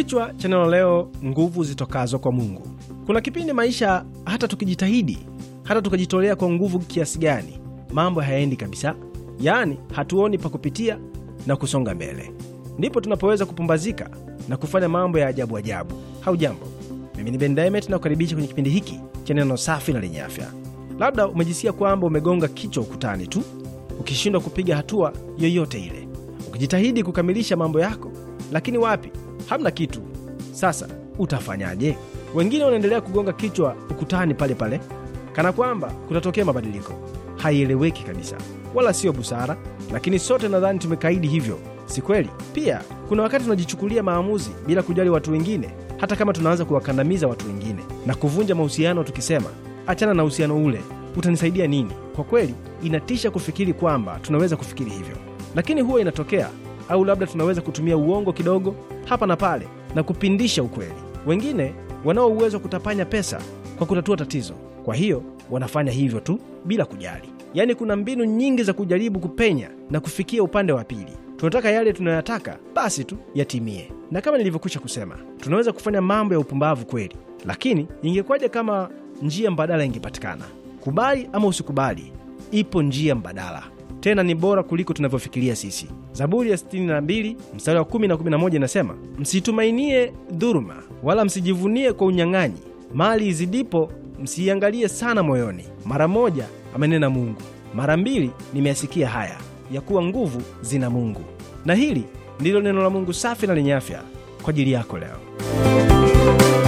Kichwa cha neno leo, nguvu zitokazo kwa Mungu. Kuna kipindi maisha, hata tukijitahidi, hata tukajitolea kwa nguvu kiasi gani, mambo hayaendi kabisa, yaani hatuoni pa kupitia na kusonga mbele. Ndipo tunapoweza kupumbazika na kufanya mambo ya ajabu ajabu. jambo mimi ni Ben Dimet na kukaribisha kwenye kipindi hiki cha neno safi na lenye afya. Labda umejisikia kwamba umegonga kichwa ukutani tu, ukishindwa kupiga hatua yoyote ile, ukijitahidi kukamilisha mambo yako, lakini wapi hamna kitu. Sasa utafanyaje? Wengine wanaendelea kugonga kichwa ukutani pale pale, kana kwamba kutatokea mabadiliko. Haieleweki kabisa, wala siyo busara, lakini sote nadhani tumekaidi hivyo, si kweli? Pia kuna wakati tunajichukulia maamuzi bila kujali watu wengine, hata kama tunaanza kuwakandamiza watu wengine na kuvunja mahusiano, tukisema achana na uhusiano ule, utanisaidia nini? Kwa kweli, inatisha kufikiri kwamba tunaweza kufikiri hivyo, lakini huwa inatokea au labda tunaweza kutumia uongo kidogo hapa na pale na kupindisha ukweli. Wengine wanao uwezo wa kutapanya pesa kwa kutatua tatizo, kwa hiyo wanafanya hivyo tu bila kujali. Yaani, kuna mbinu nyingi za kujaribu kupenya na kufikia upande wa pili. Tunataka yale tunayoyataka basi tu yatimie, na kama nilivyokwisha kusema, tunaweza kufanya mambo ya upumbavu kweli, lakini ingekuwaje kama njia mbadala ingepatikana? Kubali ama usikubali, ipo njia mbadala tena ni bora kuliko tunavyofikiria sisi. Zaburi ya 62 mstari wa 10 na 11 inasema, msitumainie dhuruma wala msijivunie kwa unyang'anyi, mali izidipo msiiangalie sana moyoni. Mara moja amenena Mungu, mara mbili nimeyasikia haya, ya kuwa nguvu zina Mungu. Na hili ndilo neno la Mungu safi na lenye afya kwa ajili yako leo.